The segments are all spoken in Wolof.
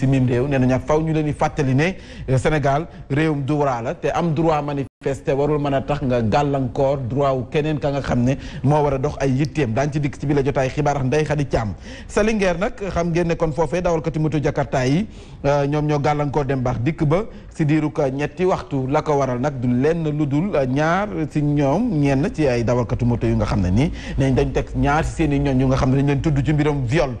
si mim réew nee nañu faw ñu leen di fàttali ne euh, Sénégal réewum droit la te am droit manifester warul mën a tax nga gàllankoor droit wu keneen ka nga xam ne moo war a dox ay yitteem daañu ci dikk ci bi la jotaay xibaar Ndeye Khady Thiam sa lingeer nag xam ngeen ne kon foofee dawalkati moto Jakarta euh, ñoom ñoo gàllankoor dem baax dikk ba si diirug ñetti waxtu la ko waral nag du lenn lu dul ñaar si ñoom ñenn ci ay dawalkatu moto yu nga xam ne nii nañ dañ teg ñaar seen ñoon yu nga xam ne dañ leen tudd ci mbiram viol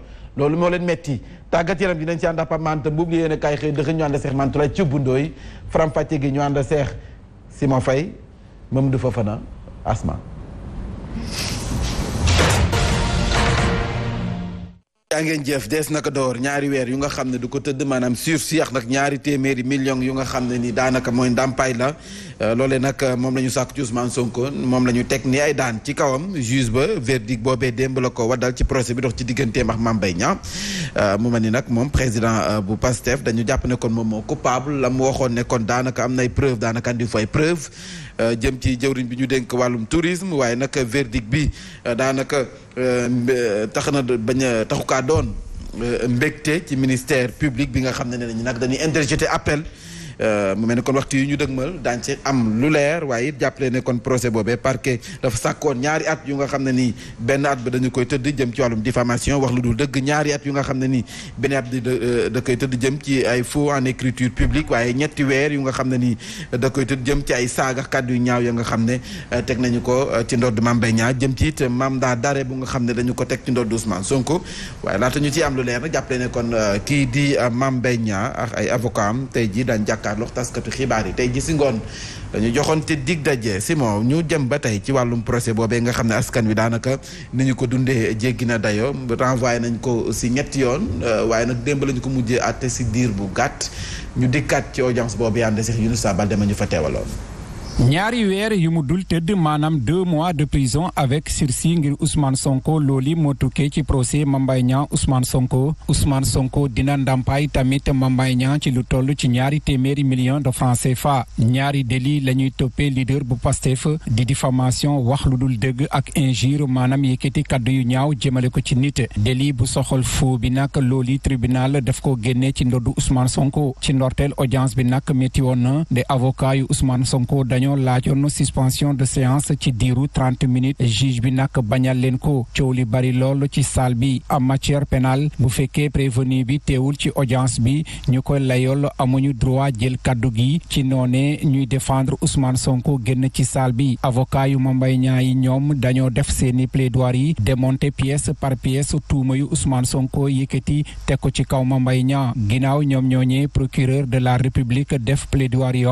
tàggat yaram dinañ ci ànd ak Pape Mante Mbuub yéen a kaay xëy dëxëñ ñu ànd Seex Mantulaay ci bundooy faram fàcce gi ñu ànd Seex Simon Faye Mamadou Fofana Asma yaa ngeen jëf dees naka door ñaari weer yu nga xam ne du ko tëdd maanaam sursis ak ñaari téeméeri million yu nga xam ne ni daanaka mooy ndàmpaay la euh, loolee nag euh, moom la ñu sàkk ci Ousmane Sonko moom la ñu teg ni ay daan ci kawam juge ba verdict boobee démb la ko waddal ci procès bi dox ci digganteem ak Mame bay ña euh, mu ma ni nag moom président bu PASTEF dañu jàpp ne kon moom moo coupable la mu waxoon ne kon daanaka am nay preuve daanaka di fay preuve Euh, jëm ci jëwriñ bi ñu denk wàllum tourisme waaye nag verdict bi euh, daanaka euh, tax na bañ a taxukaa doon mbégte ci ministère public bi nga xam ne ne nañu nag dañuy interjeté appel Euh, mu mel ne kon waxtu yu ñu dëgmal daañ ci am lu leer waaye it jàppale ne kon procès boobee parquet dafa sàkkoon ñaari at yu nga xam ne nii benn at ba dañu koy tëdd jëm ci wàllum diffamation wax lu dul dëgg ñaari at yu nga xam ne nii benn at bi euh, da koy tëdd jëm ci ay faux en écriture publique waaye ñetti weer yu nga xam ne nii da koy tëdd jëm ci ay saaga kàddu yu ñaaw ya nga xam ne euh, teg nañu ko ci ndodd Mame Mbaye Niang jëm ci it mam daa dare bu nga xam ne dañu ko teg ci ndodd Ousmane Sonko waaye laata ñu ciy am lu leer nag jàppale ne kon kii di Mame Mbaye Niang ay avocat tey ji daan jàkkaar jàkkaarloog taskatu xibaar yi tey ji si ngoon dañu joxoon te dig daje Simon ñu jëm ba tey ci wàllum projet boobee nga xam ne askan wi daanaka ni ñu ko dundee jéggi na dayo renvoyé nañ ko si ñetti yoon euh, waaye nag démb lañ ko mujjee àtte si diir bu gàtt ñu dikkaat ci audience boobu ànd si Younoussa Baldé ma ñu fa teewaloon. ñaari weer yu mu dul tëdd maanaam deux mois de prison avec sursis ngir Ousmane Sonko looli moo tukkee ci procès Mame Mbaye Niang Ousmane Sonko Ousmane Sonko dina ndàmpaay tamit Mame Mbaye ci lu toll ci ñaari téeméeri million de francs CFA ñaari délit la ñuy toppee leader bu Pastef di diffamation wax lu dul dëgg ak injure maanaam yëkkati kàddu yu ñaaw jëmale ko ci nit délit bu soxal foo bi nag looli tribunal def ko génnee ci ndoddu Ousmane Sonko ci ndorteel audience bi nag métti na dañoo laajoon suspension de séance ci diiru trente minutes juge bi nag bañal leen ko coow li bari lool ci salle bi en matière pénale bu fekkee prévenu bi teewul ci audience bi ñu koy layool amuñu droit jël kaddu gi ci noonee ñuy défendre Ousmane Sonko génn ci salle bi avocat yu Mame Mbaye Niang yi ñoom dañoo def seeni plaidoiries yi démonter pièce par pièce tuuma yu Ousmane Sonko yëkkati teg ci kaw Mame Mbaye Niang ginnaaw ñoom ñooñee procureur de la République def plaidoiries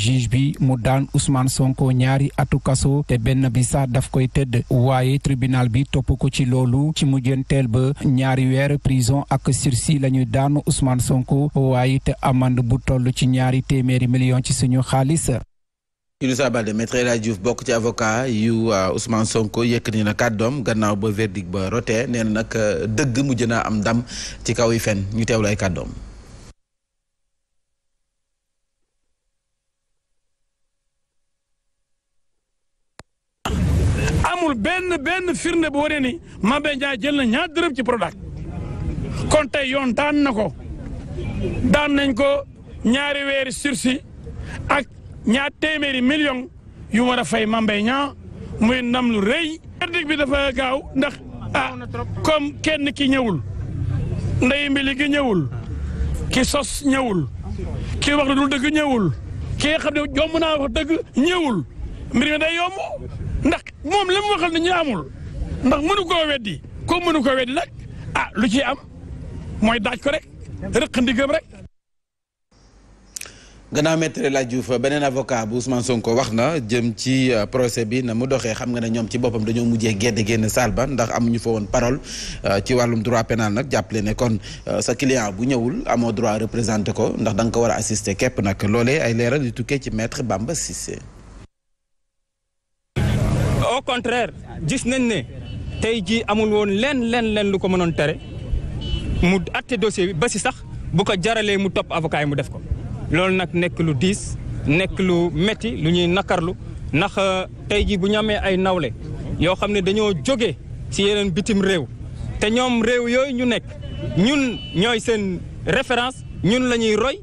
juge bi mu daan Ousmane Sonko ñaari atu kaso te benn bi sax daf koy tëdd waaye tribunal bi topp ko ci loolu ci mujjanteel ba ñaari weer prison ak sursis lañuy ñu daan Ousmane Sonko waaye te amande bu toll ci ñaari téeméeri million ci suñu xaalis. Idrissa Balde Maître bokk ci avocat yu euh, Ousmane Sonko yëkkati na kàddoom gannaaw ba verdict ba rotee nee na nag euh, dëgg mujj na am ndam ci kaw yi fen ñu teewlu ay kàddoom. benn benn firnde bu wane ni Mame Ndiaye jël na ñaar dërëm ci Prodac kon tey yoon daan na ko daan nañ ko ñaari weeri sursis ak ñaar téeméeri million yu war a fay Mame Ndiaye muy ndam lu rëy. verdict bi dafa gaaw ndax ah kom kenn ki ñëwul ndey mbili gi ñëwul ki sos ñëwul ki wax lu dul dëgg ñëwul ki nga xam jomb naa wax dëgg ñëwul mbir mi day yomb. ndax moom li waxal ni ñu amul ndax mënu koo weddi koo mënu koo weddi nag ah lu ci am mooy daaj ko rek rëq ndigam rek. gannaaw maître El Hadj Diouf beneen avocat bu Ousmane Sonko wax na jëm ci euh, procès bi na mu doxee xam nga ne ñoom ci boppam dañoo mujjee gedde génn saal ba ndax amuñu fa woon parole euh, ci wàllum droit pénal nag jàppale ne kon euh, sa client bu ñëwul amoo droit représenter ko ndax danga ko war a assister képp nag loolee ay leeral yu tukkee ci maître Bamba au contraire gis nañ ne tey jii amul woon leen leen leen lu ko mënoon tere mu atte dossier bi ba si sax bu ko jaralee mu topp avocat mu def ko loolu nag nekk lu diis nekk lu metti lu ñuy nakarlu ndax euh, tey jii bu ñu amee ay nawle yoo xam ne dañoo jóge ci yeneen bitim réew te ñoom réew yooyu ñu nekk ñun ñooy seen référence ñun la ñuy roy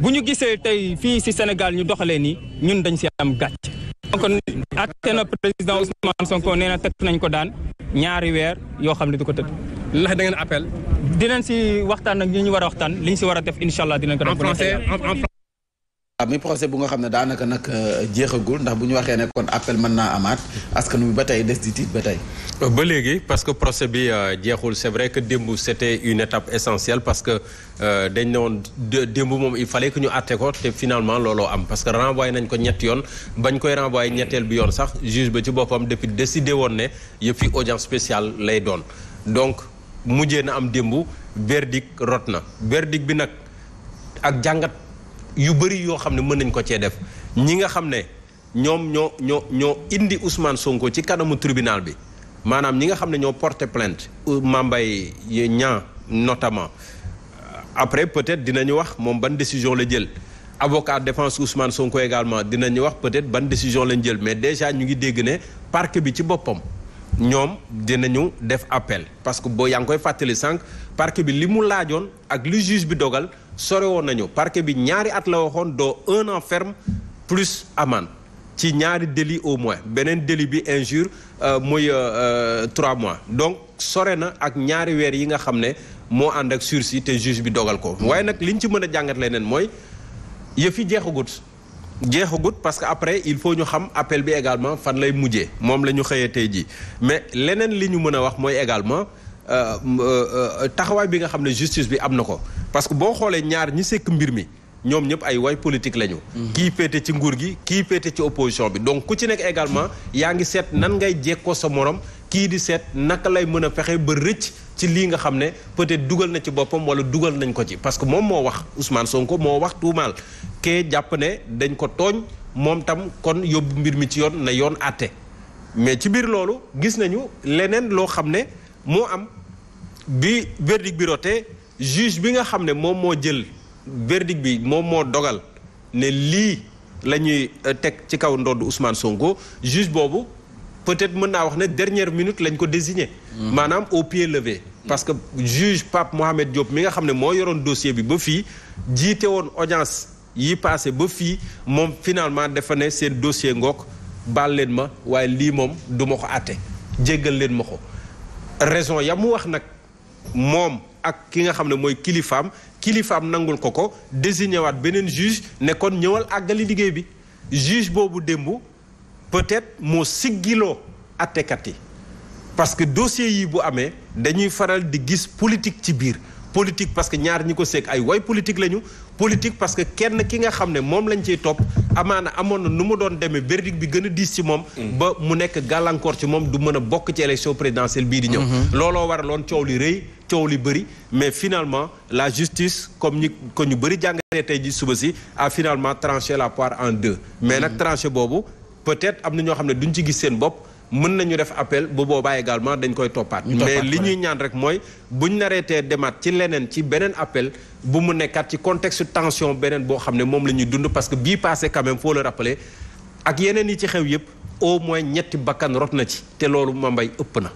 bu ñu gisee tey fii ci Sénégal ñu doxalee nii ñun dañ ci am gàcc kon atte na président Ousmane Sonko nee na teg nañ ko daan ñaari weer yoo xam ne du ko tëdd. ndax da ngeen appel. dinañ si waxtaan nag ñi ñu war a waxtaan li ñu si war a def incha allah dinañ ko def. en français waaw ah, muy procès bu nga xam ne daanaka nag euh, jeexagul ndax bu ñu waxee ne kon appel mën naa amaat askan wi ba tey des di tiit ba tey. ba léegi parce que procès bi euh, jeexul c'est vrai que démb c'était une étape essentielle parce que euh, dañ ne woon démb moom i fallait que ñu àtte ko te finalement looloo am parce que renvoyé nañ ko ñetti yoon bañ koy renvoyé ñetteel bi yoon sax juge ba ci boppam depuis décidé woon ne yëpp fi audience spéciale lay doon donc mujjee na am démb verdict rot na verdict bi nag ak jàngat yu bëri yoo xam ne mën nañ ko cee def ñi nga xam ne ñoom ñoo ñoo indi Ousmane sonk ci kanamu tribunal bi maanaam ñi nga xam ne ñoo porté plainte euh, Mambay ñan notamment euh, après peut-être dinañu wax moom ban décision la jël avocat défense Ousmane Sonko également dinañu wax peut-être ban décision lañ jël mais déjà ñu ngi dégg ne parquet bi ci boppam ñoom dinañu def appel parce que boo yaa ngi koy fàttali sànq parquet bi li mu laajoon ak li juge bi dogal sore woon nañu parquet bi ñaari at la waxoon doo un en ferme plus amende ci ñaari délit au moins beneen délit bi injure euh, mooy euh, euh, trois mois donc sore na ak ñaari weer yi nga xam ne moo ànd ak sursis te juge bi dogal ko waaye nag li ñu ci mën a jàngat leneen mooy yëfi jeexagut jeexagut parce que après il faut ñu xam appel bi également fan lay mujjee moom la ñu xëyee tey jii mais leneen li ñu mën a wax mooy également taxawaay bi nga xam ne justice bi am na ko parce que boo xoolee ñaar ñi sekk mbir mi ñoom ñëpp ay way politique lañu. Mhm. kii féete ci nguur gi kii féete ci opposition bi donc ku ci nekk également yaa ngi seet nan ngay jekkoo sa moroom kii di seet naka lay mën a fexe ba rëcc ci lii nga xam ne peut-être dugal na ci boppam wala dugal nañ ko ci parce que moom moo wax Ousmane Sonko moo wax tuumaal kee jàpp ne dañ ko tooñ moom tam kon yóbbu mbir mi ci yoon na yoon àtte mais ci biir loolu gis nañu leneen loo xam ne moo am bi verdict bi rotee juge bi nga xam ne moom moo jël. verdict bi moom moo dogal ne lii la ñuy euh, teg ci kaw ndodd Ousmane Sonko juge boobu peut-être mën naa wax ne dernière minute lañ ko désigné. Hmm. maanaam au pied levé. parce que juge Pape Mohamed Diop mi nga xam ne moo yoroon dossier bi ba fii jiite woon audience yi passé ba fii moom finalement defa ne seen dossier ngook baal leen ma waaye lii moom duma ko àtte jéggal leen ma ko raison ya mu wax nag moom ak ki nga xam ne mooy kilifaam kilifaam nangul ko ko désigné waat beneen juge ne kon ñëwal àggali liggéey bi juge boobu démb peut-être moo siggiloo attekat yi parce que dossier yi bu amee dañuy faral di gis politique ci biir politique parce que ñaar ñi ko seeg ay way politique lañu politique parce que kenn ki nga xam ne moom lañ ciy topp amaana amoon na nu mu doon demee verdict bi gën a diis ci moom. Mm. ba mu nekk gàllankoor ci moom du mën a bokk ci élection présidentielle bii di ñëw. Mm-hmm. looloo waraloon coow li rey coow li bëri mais finalement la justice comme ñi ko ñu bëri jàngatee tey ji suba si a finalement tranché la poire en deux mais mhm. nag tranché boobu peut-être am na ñoo xam ne duñ ci gis seen bopp mën nañu def appel bu boobaa également dañ koy toppaat mais li ñuy ñaan rek mooy buñ nareetee demaat ci leneen ci beneen appel bu mu nekkaat ci contexte tension beneen boo xam ne moom la ñuy dund parce que bii passé quand même faut le ak yeneen yi ci xew yëpp au moins ñetti bakkan rot na ci te loolu ma mbay ëpp na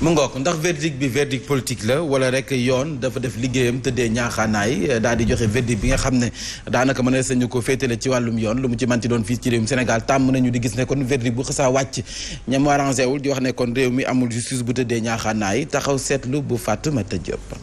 mu ngook ndax verdict bi verdict politique la wala rek yoon dafa def liggéeyam tëddee ñaaxaanaay daal di joxe verdict bi nga xam ne daanaka mën a sañu ko féetale ci wàllum yoon lu mu ci manti doon fii ci réewum Sénégal tàmm nañu di gis ne kon verdict bu xasaa wàcc ñam arrangé wul di wax ne kon réew mi amul justice bu tëddee ñaaxaanaay taxaw seetlu bu fàtt ma Fatoumata Diop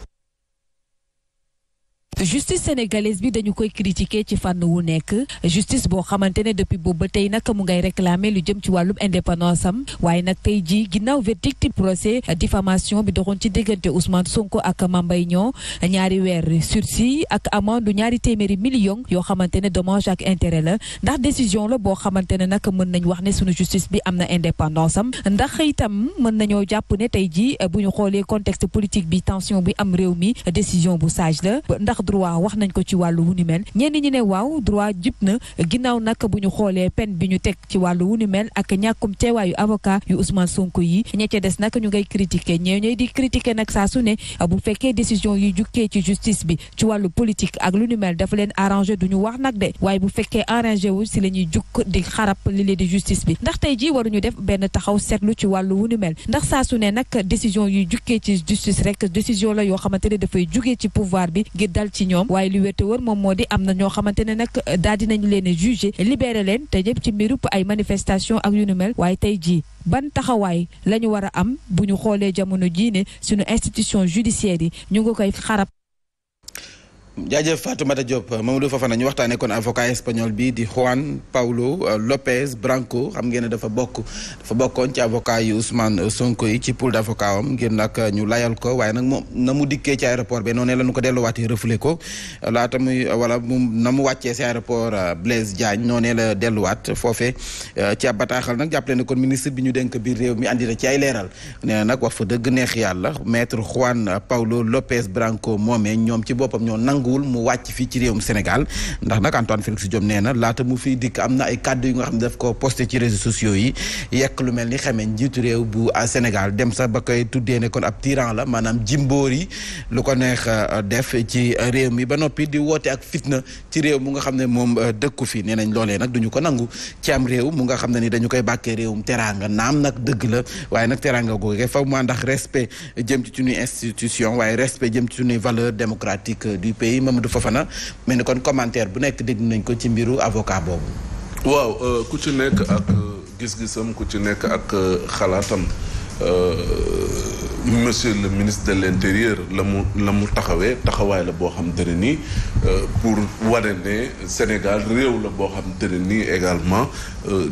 justice sénégalaise bi dañu koy critiquer ci fànn wu nekk justice boo xamante ne depuis boobu ba tey nag mu ngay réclamer lu jëm ci wàllum indépendance am waaye nag tey ji ginnaaw verdict procès diffamation bi doxoon ci diggante Ousmane sonk ak Mame Mbaye Niang ñaari weer sursis ak amende ñaari téeméeri million yoo xamante ne dommage ak intérêt la ndax décision la boo xamante ne nag mën nañu wax ne sunu justice bi am na indépendance am ndax itam mën nañoo jàpp ne tey jii bu ñu xoolee contexte politique bi tension bi am réew mi décision bu sage la droit wax nañ ko ci wàllu wu ni mel ñenn ñi ne waaw droit jib na ginnaaw nag bu ñu xoolee peine bi ñu teg ci wàllu wu ni mel ak ñàkkum teewaayu avocat yu Ousmane Sonko yi ña ca des naka ñu ngay critiquer ñee ñooy di critiquer nag saa su ne bu fekkee décision yu jukkee ci justice bi ci wàllu politique ak lu ni leen arrangé du ñu nag waaye bu fekkee arrangé wu si la ñuy jukk di xarab li leen di justice bi ndax tey jii waruñu def benn taxaw seetlu ci wàllu wu ni mel ndax saa su ne nag décision yu jukkee ci justice rek décision la yoo xamante ne dafay jugee ci pouvoir bi ngir ci ñoom waaye li wér te wër moom moo di am na ñoo xamante ne nag daal dinañu leen a jugé libéré leen te ñëpp ci mbirub ay manifestation ak yu nu mel waaye tey jii ban taxawaay la ñu war a am bu ñu xoolee jamono jii ne suñu institution judiciaire yi ñu ngi koy xarab jaajëf Fatoumata Diop Mamadou na ñu waxtaanee kon avocat espagnol bi di Juan Paulo euh, López Branco xam ngeen ne dafa bokk dafa bokkoon ci avocat yi Ousmane Sonko yi ci pool d' avocat am ngir nag ñu layal ko waaye nag moom na mu dikkee ci aéroport bi noonu la ñu ko delluwaatee refoulé ko laata muy wala mu na mu wàccee si aéroport euh, Blaise Diagne noonu la delluwaat foofe euh, ci ab bataaxal nag jàppale ne kon ministre bi ñu denk biir réew mi andi na ci ay leeral nee na dëgg neex yàlla maître Juan Paulo López Branco moomee ñoom ci boppam ñoo nangu nanguwul mu wàcc fii ci réewum Sénégal ndax nag Antoine Félix Diome nee na laata mu fiy dikk am na ay kàddu yu nga xam ne daf ko posté ci réseaux sociaux yi yekk lu mel ni xamee njiitu réew bu euh, Sénégal dem sax ba koy tuddee ne kon ab tyran la maanaam jimboor yi lu ko neex euh, def ci réew mi ba noppi di woote ak fitna ci réew mu nga xam ne moom euh, dëkku fi nee nañ loolee nag duñu ko nangu ci am réew mu nga xam ne ni dañu koy bàkkee réewum teraanga naam nag dëgg la waaye nag teraanga googee faw mu ànd ak respect jëm ci suñuy yi Mamadou Fofana mel ni kon commentaire bu nekk dégg nañ ko ci mbiru avocat boobu. waaw euh, ku ci nekk ak euh, gis-gisam ku ci nekk ak euh, xalaatam. monsieur le ministre de l'intérieur la mu la mu taxawee taxawaay la boo xam te ne nii pour wane ne Sénégal réew la boo xam te ne nii également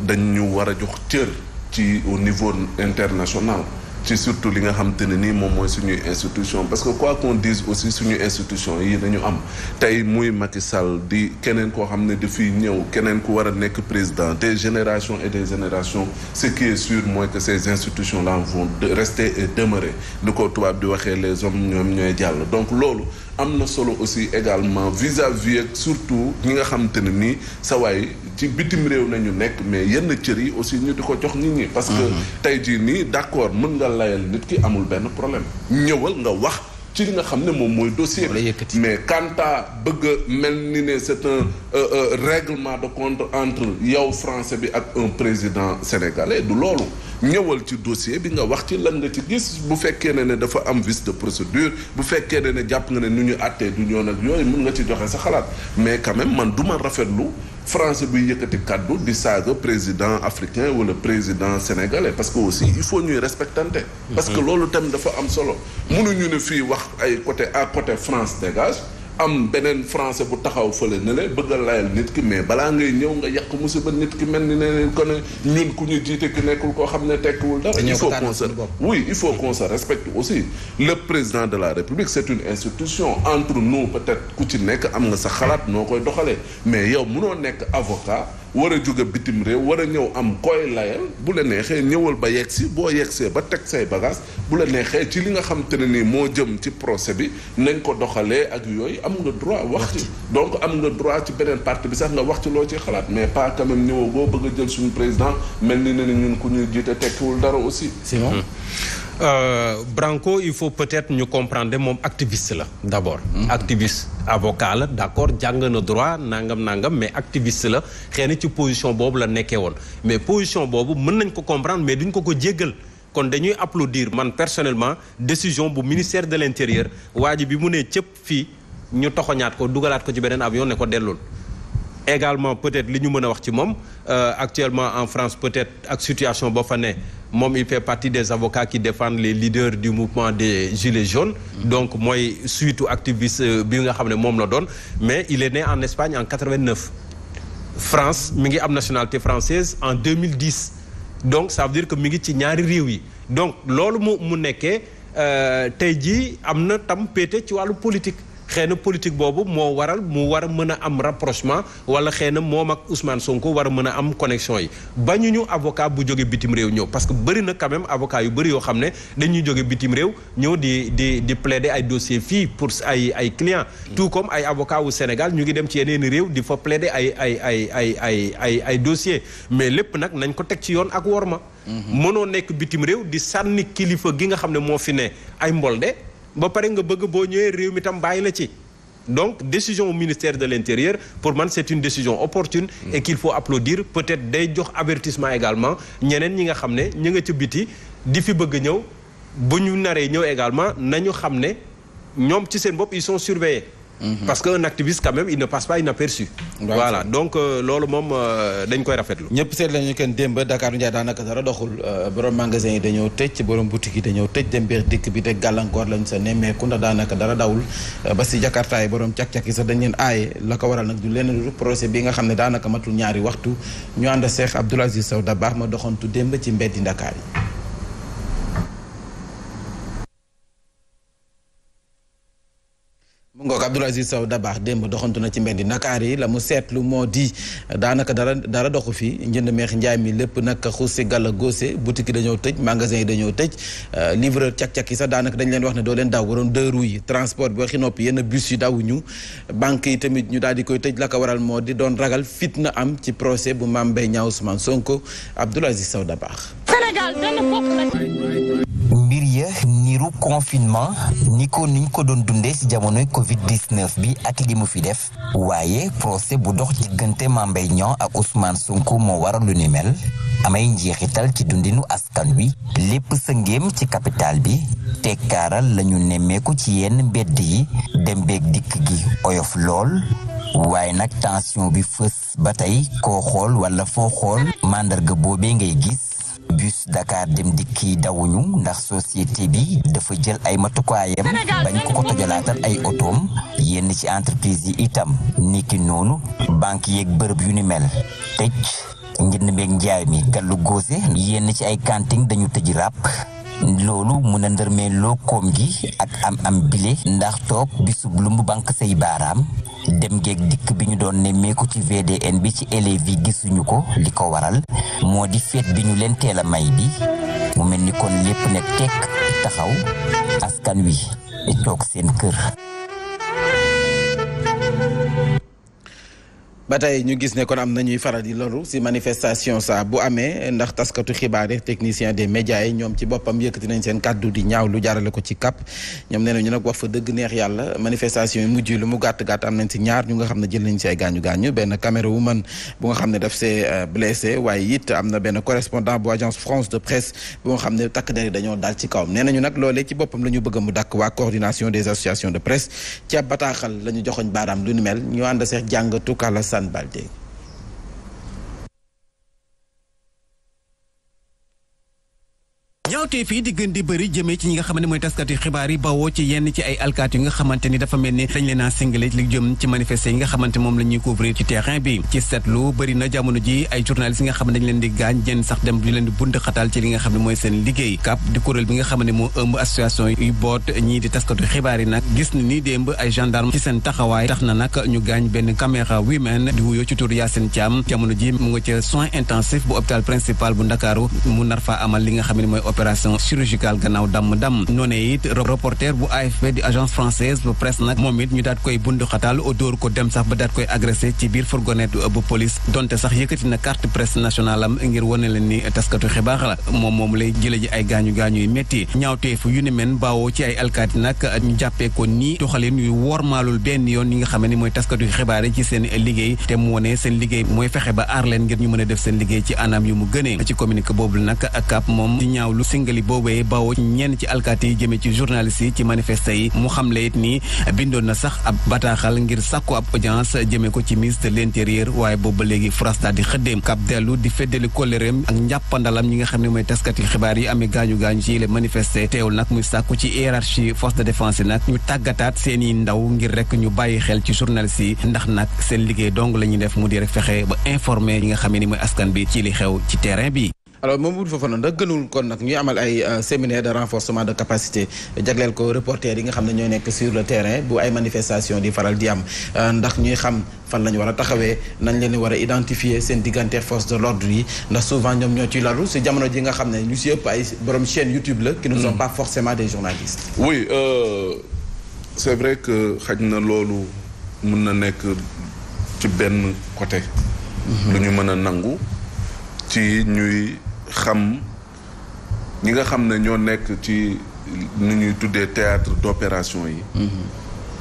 dañ ñu war a jox cër ci au niveau international ci surtout li nga xam te ne nii moom mooy suñuy institution parce que quoi qu'on dise aussi suñu institution yi dañu am tey muy Macky Sall di keneen koo xam ne di dafiy ñëw keneen ku war a nekk président des générations et des générations ce qui est sûr mooy que ces institutions la vont rester et demeurer ni ko tubaab di waxee les hommes ñoom ñooy jàll donc loolu am na solo aussi également vis-à-vis ak surtout ñi nga xam te ne nii sa waay ci bitim réew nañu nekk mais yenn cër yi aussi ñu di ko jox nit ñi parce que mhm. tey jii nii d'accord mën nga layal nit ki amul benn problème ñëwal nga wax ci li nga xam ne moom mooy dossier bi mais quant bëgg mel ni ne c'est un euh, euh, règlement de compte entre yow français bi ak un président sénégalais du loolu ñëwal ci dossier bi nga wax ci lan nga ci gis bu fekkee ne ne dafa am vice de procédure bu fekkee ne ne jàpp nga ne nu ñu àttee du ñoon ak yooyu mën nga ci joxe sa xalaat mais quand man du ma lu français buy yëkkati kàddu di saaga président africain wala président sénégalais parce que aussi il faut ñuy respectante parce que loolu tam dafa am solo mënuñu ne fii wax ay côté à côté France gage am beneen français bu taxaw fële ne le bëgg a layal nit ki mais balaa ngay ñëw nga yàq musiba nit ki mel ni ne ko ne ñun ku ñu jiite ki nekkul koo xam ne tekkiwul dara il faut qu'on se oui il faut qu'on se respecte aussi le président de la république c'est une institution entre nous peut-être ku ci nekk am nga sa xalaat noo koy doxalee mais yow munoo nekk avocat war a jóge bitim réew war a ñëw am koy layal bu la neexee ñëwal ba yegg si boo yeggsee ba teg say bagage bu la neexee ci li nga xam te ne nii moo jëm ci procès bi nañ ko doxalee ak yooyu am nga droit wax ci donc am nga droit ci beneen parti bi sax nga wax ci loo ciy xalaat mais pas quand même ñëwagoo bëgg a jël suñu président mel ni ne ñun ku ñuy jiite tekkiwul dara aussi. c'est bon. Hmm. Euh, Branco il faut peut-être ñu comprendre moom activiste la d'abord. Mm -hmm. activiste avocat la d'accord jàng na droit nangam nangam mais activiste la xëy na ci position boobu la nekkee woon mais position boobu mën nañ ko comprendre mais duñ ko ko jéggal. kon dañuy applaudir man personnellement décision bu ministère de l'intérieur waa bi mu nee cëpp fii ñu toxoñaat ko dugalaat ko ci beneen avion ne ko dellul également peut-être li ñu mën a wax ci moom euh, actuellement en France peut-être ak situation boo fa ne moom il fait partie des avocats qui défendent les leaders du mouvement des gilets jaunes donc mooy surtout activiste euh, bi nga xam ne moom la doon mais il est né en Espagne en 89 France mi ngi am nationalité française en 2010 donc ça veut dire que mi ngi ci ñaari réew yi donc loolu mu mu nekkee euh, tey jii am na tam péete ci wàllu politique xëy na politique boobu moo waral mu war a mën a am rapprochement wala xëy na moom ak Ousmane Sonko war a mën a am connexion yi bañu ñu avocat bu jógee bitim réew ñëw parce que bëri na quand même avocat yu bëri yoo xam ne dañuy jóge bitim réew ñëw di di di plaider ay dossier fii pour ay ay clients mm. tout comme ay avocat wu Sénégal ñu ngi dem ci yeneen réew di fa plaider ay ay ay ay ay ay ay dossier mais lépp nag nañ ko teg ci yoon ak worma mm-hmm. mënoo nekk bitim réew di sànni kilifa gi nga xam ne moo fi ne ay mbolde ba pare nga bëgg boo ñëwee réew mi tam bàyyi la ci donc décision ministère de l'intérieur pour man c'est une décision opportune et qu'il faut applaudir peut-être day jox avertissement également ñeneen ñi nga xam ne ñi nga ca biti di fi bëgg ñëw bu ñu naree ñëw également nañu xam ne ñoom ci seen bopp ils sont surveillés Mhm. parce que un activiste quand même il ne passe pas inaperçu voilà donc euh, loolu moom euh, dañ koy rafetlu ñëpp seet lañu kenn démb Dakar Ndiaye daanaka dara doxul euh, borom magasin yi dañoo tëj borom boutique yi dañoo tëj dem biir dikk bi de gàllankoor lañ sa nemmeeku ndax daanaka dara dawul ba si Jakarta borom cak-cak yi sax dañ leen aaye la ko waral nag du leneen du procès bi nga xam ne daanaka matul ñaari waxtu ñu ànd a Cheikh Abdoul Aziz Sow Dabakh ma doxantu démb ci mbeddi Dakar yi ngook Abdoul Aziz Sow Dabakh démb doxantu na ci mbeddi Ndakaar yi la mu seetlu moo di daanaka dara dara doxu fi njënd meex njaay mi lépp nag xuusi gala góose boutique yi dañoo tëj magasin yi dañoo tëj euh, livreur cak-cak yi sax daanaka dañ leen wax ne doo leen daw waroon deux roues yi transport bi waxi noppi yenn bus yi dawuñu banque yi tamit ñu daal di koy tëj la waral moo di doon ragal fitna am ci procès bu maam bay ñaaw Ousmane Sonko Abdoul saw da baax ya niru confinement ni ko niñ ko doon dundee ci jamonoy Covid 19 bi ak li mu fi def waaye procès bu dox diggante Mame Mbaye Niang ak Ousmane Sonko moo waral lu ni mel amay njeexital ci dundinu askan wi lépp sëngéem ci capital bi tekkaaral lañu nemmeeku ci yenn mbedd yi dem beeg dikk gi oyof lool. waaye nag tension bi fës ba tey koo xool wala foo xool màndarga boobee ngay gis. bus Dakar dem dikki dawuñu ndax société bi dafa jël ay matukaayam bañ ko ko tojalaatal ay otoom yenn ci entreprise yi itam niki noonu banque yeeg bërëb yu ni mel tëj njënd meeg njaay mi gàllu góose yenn ci ay kanting dañu tëj ràpp loolu mën a ndërmee loo gi ak am am bile ndax toog bisub lumb banque say baaraam dem geeg dikk bi ñu doon nemmeeku ci VDN bi ci élèves yi gisuñu ko li ko waral moo di feet bi ñu leen teel a may bi mu mel ni kon lépp ne tekk taxaw askan wi toog seen kër ba tey ñu gis ne kon am nañuy faral di loru si manifestation sa bu amee ndax taskatu xibaar yi technicien des médias yi ñoom ci boppam yëkkati nañ seen kàddu di ñaaw lu jaarale ko ci CAP ñoom nee na ñu nag wax fa dëgg neex yàlla manifestation yi mujj lu mu ñaar ñu nga xam ne jël nañ si ay gaañu gaañu benn caméra wu man bu nga xam ne daf see euh, blessé waaye it am na de presse bu nga xam ne takk der yi dañoo daal ci kawam nee nañu nag loolee boppam la ñu bëgg mu dàkk waa coordination des associations de presse ci ab bataaxal la ñu joxoñ baaraam lu ni mel ñu ànd seex jàngatu kàlla Diane Baldé ñaawtee fii di di bëri jëmee ci ñi nga xam mooy taskati xibaar yi bawoo ci yenn ci ay alkaat yi nga xamante ni dafa mel ni dañ leen a singale li jëm ci manifester yi nga xamante moom la couvrir ci terrain bi ci seetlu bëri na jamono ji ay journalistes nga xam ne leen di gaañ ñenn sax dem di leen bund xatal ci li nga xam mooy seen liggéey kap di kuréel bi nga xam moo ëmb association yu boot ñii di taskatu xibaar yi nag gis na ni démb ay gendarme opération chirurgicale gannaaw damm-damm noonee it reporter bu AFP di agence française bu presse nag moom it ñu daat koy bundu xataal ko dem sax ba daat koy agressé ci biir fourgonnette bu police donte sax yëkkati na carte nationale am ngir wane leen taskatu xibaar la moom moom lay jële ji ay gaañu gaañu yu métti ñaawteefu yu ni men baawoo ci ay alkaati nag ñu jàppee ko nii doxalin yu wormaalul benn yoon yi nga xam ne mooy taskatu xibaar yi ci seen liggéey te a def seen liggéey ci ci communiqué yëngali boobee bawoo ñenn ci alkaati yi jëmee ci journaliste yi ci manifesté yi mu xamle it ni bindoon na sax ab bataaxal ngir sàkku ab audience jëmee ko ci ministre de l'intérieur waaye boobu ba léegi France daal di xëddeem dellu di feddali kolereem ak njàppandalam ñi nga xam ne mooy taskati xibaar yi amee gaañu gaañu ci yile manifesté teewul nag muy sàkku ci hiérarchie force de défense yi nag ñu tàggataat seeni ndaw ngir rek ñu bàyyi xel ci journaliste yi ndax nag seen liggéey dong la ñuy def mu fexe ba informer yi nga xam ne ni mooy askan bi ci li xew ci terrain bi alors Mamadou Fofana nag gënul kon nag ñuy amal ay euh, séminaire de renforcement de capacité jagleel ko reporter yi nga xam ne ñoo nekk sur le terrain bu ay manifestation di faral di am euh, ndax ñuy xam fan la ñu war a taxawee nañ leen war a identifier seen diggante force de l'ordre yi ndax souvent ñoom ñoo ciy lalu si jamono ji nga xam ne ñu si yëpp ay borom chaîne YouTube la qui ne sont mm. pas forcément des journalistes oui euh, c'est vrai que xaj na loolu mën na nekk ci côté mm-hmm. lu mën a nangu xam ñi nga xam ne ñoo nekk ci nu ñuy tuddee théâtre d'opération yi mhm.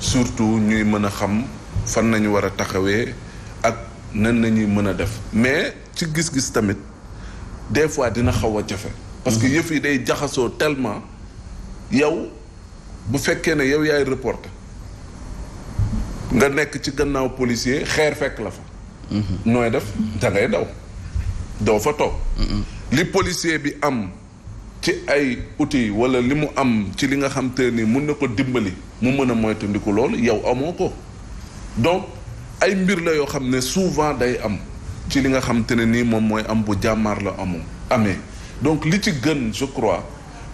surtout ñuy mën a xam fan nañu war a taxawee ak nan nañuy mën a def mais ci gis-gis tamit des fois dina xaw a jafe parce que mhm. yëf yi day jaxasoo tellement yow bu fekkee ne yow yaay reporter nga nekk ci gannaaw policier xeer fekk la fa mhm. nooy def da daw doo fa toog li policier bi am ci ay outils wala li mu am ci li nga xam te ni mun na ko dimbali mu mën a moytandiku loolu yow amoo ko donc ay mbir la yoo xam ne souvent day am ci li nga xam te ne nii moom mooy am bu jàmmaar la amu amee donc li ci gën je crois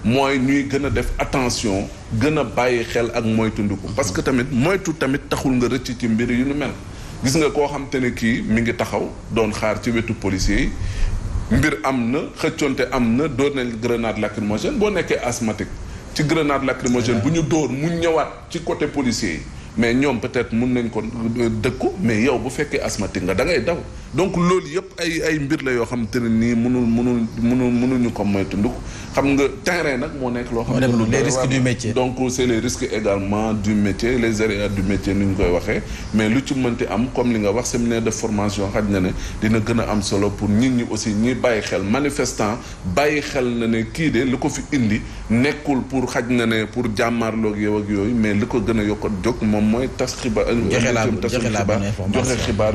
mooy ñuy gën a def attention gën a bàyyi xel ak moytandiku parce que tamit moytu tamit taxul nga rëcc ci mbir yu nu mel gis nga koo xam te ne kii mu ngi taxaw doon xaar ci wetu policier yi mbir am na xëccoonte am na doon nañ grenade lacrymogène boo nekkee asthmatique ci grenade lacrymogène bu ñu dóor mu ñëwaat ci côté policier yi mais ñoom peut-être mun nañ ko dëkku mais yow bu fekkee asthmatique nga da ngay daw donc loolu yëpp ay ay mbir la yoo xam te ne nii mënul mënul mënul mënuñu ko moytandiku xam nga terrain nag moo nekk loo xam ne les risques du métier donc c'est les risques également du métier les aléas du métier ni ñu koy waxee mais lu ci mënti am comme li nga wax séminaire de formation xaj na ne dina gën a am solo pour nit ñi aussi ñi bàyyi xel manifestant bàyyi xel na ne kii de li ko fi indi nekkul pour xaj na ne pour jàmmaarloog yow ak yooyu mais li ko gën a yokk jóg moom mooy tas xibaar.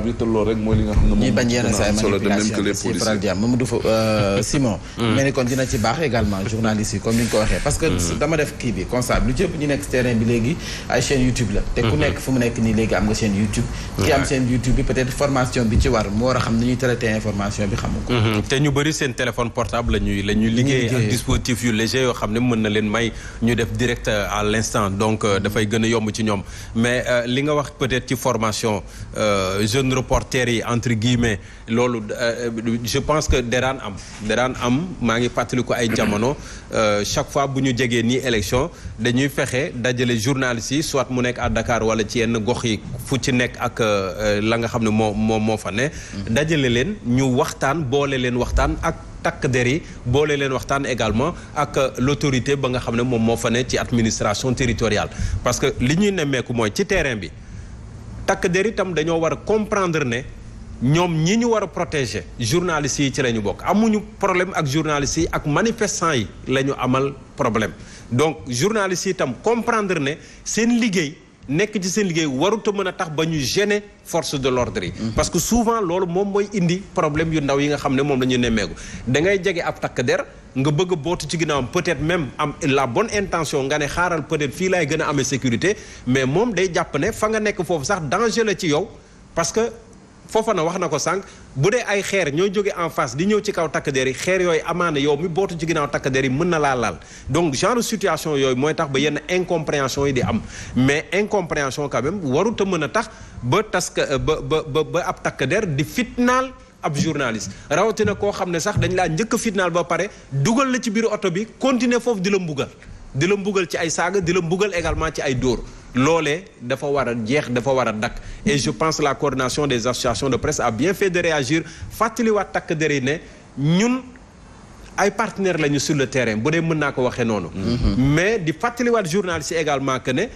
bi te rek mooy li nga xam ne moom. ñuy bañ yenn saa yi manipulation bi euh, hmm. ko waxee. parce que hmm. dama def kii bi constat lu ci hmm. war moo war a xam ni ñuy traité information bi xamu ko. te ñu bëri seen téléphone portable la ñuy la ñuy liggéey ak dispositif yu léger yoo xam ne mën na leen may ñu def direct à l'instant donc euh, dafay gën a yomb ci ñoom mais euh, li nga wax peut-être ci formation euh, jeune reporter yi entre guillemets loolu euh, je pense que daraan am daraan am maa ngi fàttaliku ay jamono chaque fois bu ñu jegee nii élection dañuy fexe dajale journalistes soit mu nekk à Dakar wala ci yenn gox yi fu ci nekk ak la nga xam ne moo moo moo fa ne mm-hmm. dajale leen ñu waxtaan boole leen waxtaan ak takk der yi boole leen waxtaan également ak euh, l'autorité ba nga xam ne moom moo fa ne ci administration territoriale parce que li ñuy nemmeeku mooy ci terrain bi takk der itam dañoo war a comprendre ne ñoom ñi ñu war a protéger journalistes yi ci la ñu bokk amuñu problème ak journalistes yi ak manifestants yi la ñu amal problème donc journalistes yi itam comprendre ne seen liggéey nekk ci seen liggéey warut a mën a tax ba ñu gêner force de l'ordre yi mhm. parce que souvent loolu moom mooy indi problème yu ndaw yi nga xam ne moom la ñu nemmeeku da jege ab takk der nga bëgg bootu ci ginnaawam peut-être même am la bonne intention nga ne xaaral peut fii laay gën a amee sécurité mais moom day jàpp ne fa nga nekk foofu sax danger la ci yow parce que foofa na wax na ko sànq bu dee ay xeer ñooy jóge en face di ñëw ci kaw takk der yi xeer yooyu amaana yow mi bootu ci ginnaaw takk der yi mën na laa laal donc genre situation yooyu mooy tax ba yenn incompréhension yi di am mais incompréhension quand même warut mën a tax ba taska ba ba ba ab takk der di fitnaal ab journaliste rawatina koo xam ne sax dañ laa njëkk a fitnaal ba pare dugal la ci biir oto bi continuer foofu di la mbugal di la mbugal ci ay saaga di la mbugal également ci ay dóor loole dafa war a jeex dafa war a dakk et je pense la coordination des associations de presse a bien fait de réagir waat takk der yi ne ñun ay partenaires lañu sur le terrain bu dee mën naa ko waxee noonu mm-hmm. mais di fàttaliwaat journal yi également que ne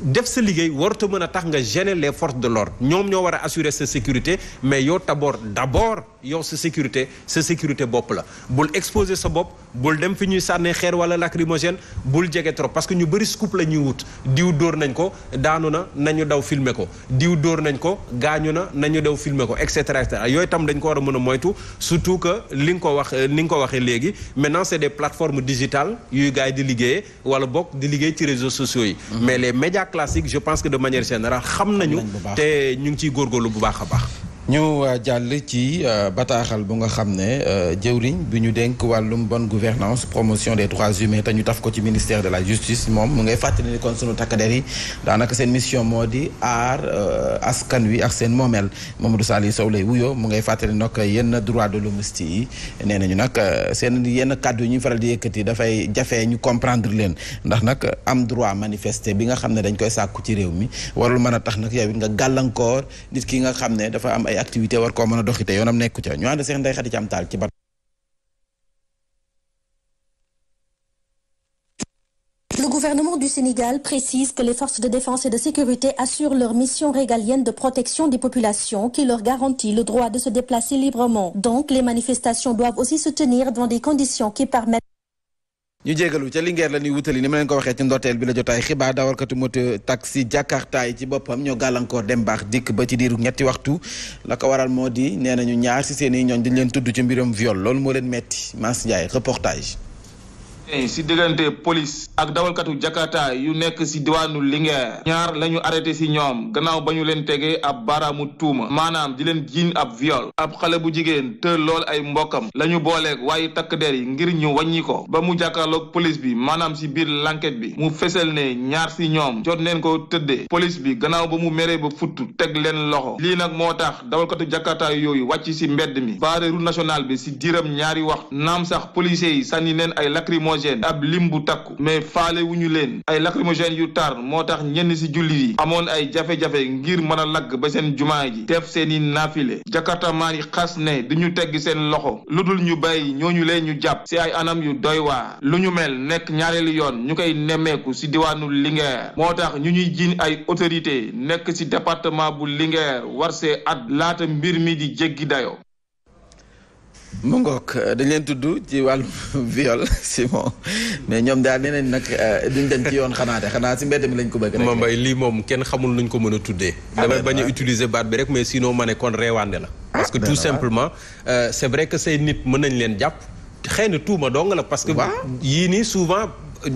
def sa liggéey warut a mën a tax nga gêner les force de l'ordre ñoom ñoo war a assurer sa sécurité mais yow d'abord d'abord yow sa sécurité sa sécurité bopp la bul exposer sa bopp bul dem fi ñuy sànnee xeer wala lacrymogène bul jege trop parce que ñu bëri scoop la ñuy wut diw dóor nañ ko daanu na nañu daw filmer ko diw dóor nañ ko gaañu na nañu daw filmer ko et cetera et yooyu tam dañ ko war a mën a moytu surtout que li nga ko wax li euh, nga ko waxee léegi maintenant c'est des plateformes digitales yuy gars yi di liggéeyee wala bokk di liggéey ci réseaux sociaux yi mhm. classique je pense que de manière générale xam nañu te ñu ngi ciy góorgóorlu bu baax a baax ñu euh, jàll ci euh, bataaxal bu nga xam ne euh, jëwriñ bi ñu denk wàllum bon gouvernance promotion des droits humains te ñu taf ko ci ministère de la justice moom mu ngay fàttali ni kon sunu takk der yi daanaka seen mission moo di aar askan wi ak seen moomeel Mamadou Saliou Sow lay wuyoo mu ngay fàttali nag yenn droit de l'hommiste yi nee nañu nag seen yenn kàddu yi ñu faral di yëkkati dafay jafe ñu comprendre leen ndax nag am droit manifester bi nga xam ne dañ koy sàkku ci réew mi warul mën a tax nag yow it gàllankoor nit ki nga xam ne dafa am ay activité war koo mën a doxite yoonam nekku ca ñu ànd seen ndey xati ci am taal ci bat Le gouvernement du Sénégal précise que les forces de défense et de sécurité assurent leur mission régalienne de protection des populations qui leur garantit le droit de se déplacer librement. Donc, les manifestations doivent aussi se tenir dans des conditions qui permettent ñu jégalu ca Linguère la ñuy wutali ni ma leen ko waxee ci ndorteel bi la jotaay xibaar dawalkatu moto taxi Jakarta yi ci boppam ñoo gàllankoor dem baax dikk ba ci diiru ñetti waxtu la ko waral moo di nee nañu ñaar si seen i ñooñ dañ leen tudd ci mbiram viol loolu moo leen metti Mass Ndiaye reportage. si diggante police ak dawalkatu jakarta yu nekk si diwaanu Linguère ñaar lañu ñu arrêté si ñoom gannaaw ba ñu leen tegee ab baaraamu tuuma maanaam di leen jiiñ ab viol ab xale bu jigéen te lool ay mbokkam la ñu booleeg waaye takk der yi ngir ñu wàññi ko ba mu jàkkaarloog police bi maanaam si biir l'enquête bi mu fesal ne ñaar si ñoom jot neen ko tëdde police bi gannaaw ba mu meree ba futt teg leen loxo lii nag moo tax dawalkatu jakarta yooyu wàcc si mbedd mi baare bi si diiram ñaari waxtu naam sax policiers lacrymogène ab lim bu takku mais faale leen ay lacrymogène yu tar moo tax ñenn si jullit yi amoon ay jafe-jafe ngir mën a lagg ba seen jumaa ji def seen i naafile jakarta yi xas ne du ñu tegg seen loxo lu dul ñu bàyyi ñooñu leen ñu jàpp si ay anam yu doy waa lu ñu mel nekk ñaareelu yoon ñu koy nemmeeku si diwaanu Linguère moo tax ñu ñuy jiin ay autorité nekk si département bu Linguère war see at laata mbir mi di jéggi dayo mu ngoog euh, dañ leen tudd ci wàllu viol Simon mais ñoom daal nee nañ nag euh, duñ dem ci yoon xanaate xanaa si mbedd mi lañ ko bëgg rek. mbay moom kenn xamul nuñ ko mën a tuddee. Ah, damay bañ bi rek mais sinon ma ne kon reewaande la. Ah, parce que tout simplement euh, c'est vrai que say nit mën nañ leen jàpp. xëy na ma dong la parce que. yii nii souvent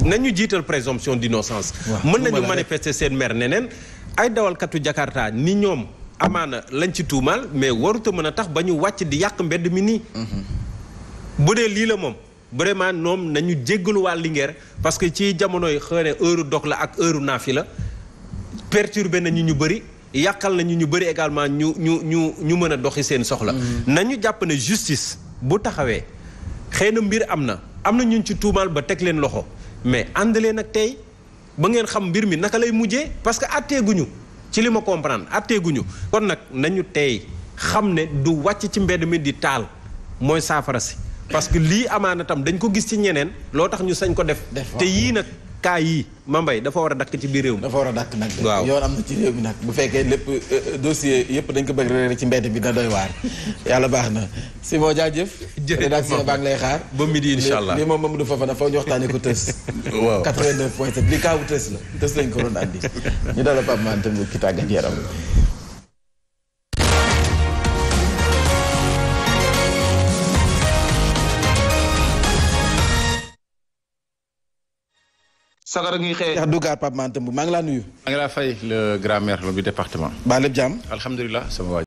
nañu jiital présomption d'innocence. mën nañu manifester seen mer neneen ay dawalkatu Jakarta ni ñoom. amaana lañ ci tuumaal mais waruta mën a tax ba ñu wàcc di yàq mbedd mi nii bu dee lii la moom vraiment ñoom nañu jéggalu waa Linguère parce que ci jamonoy xëy na heure dog la ak heure naafi la perturbé nañu ñu bëri yàqal nañu ñu bëri également ñu ñu ñu ñu mën a doxi seen soxla mm-hmm. nañu jàpp ne justice bu taxawee xëy na mbir am na am na ñu ci tuumaal ba teg leen loxo mais ànd leen ak tey ba ngeen xam mbir mi naka lay mujjee parce que àtteeguñu ci li ma comprendre atteeguñu kon nag nañu tey xam ne du wàcc ci mbedd mi di taal mooy saafara si parce que lii amaana tam dañ ko gis ci ñeneen loo tax ñu sañ ko def te yii nag cas yii mbay dafa war a dakk ci biir réew mi. dafa war a dakk nag. yoon am na ci réew mi nag bu fekkee lépp euh, euh, dossier yëpp dañ ko bëgg réeré ci mbedd bi da doy waar yàlla baax na si moo jaajëf. jërëjëf rédaction baa ngi lay xaar. ba midi incha allah li moom Mamadou Fofana foofu ñu waxtaanee ko tës. waaw 89 point 7 li kaawu tës la tës lañ ko doon andi ñu dala Pape Mante mu ki tàggat sagara ngi xëy. Cheikh Dougar Pape Matam bu maa ngi laa nuyu. maa ngi fay le grand maire du département. baa lépp jàmm. alhamdulilah sama waa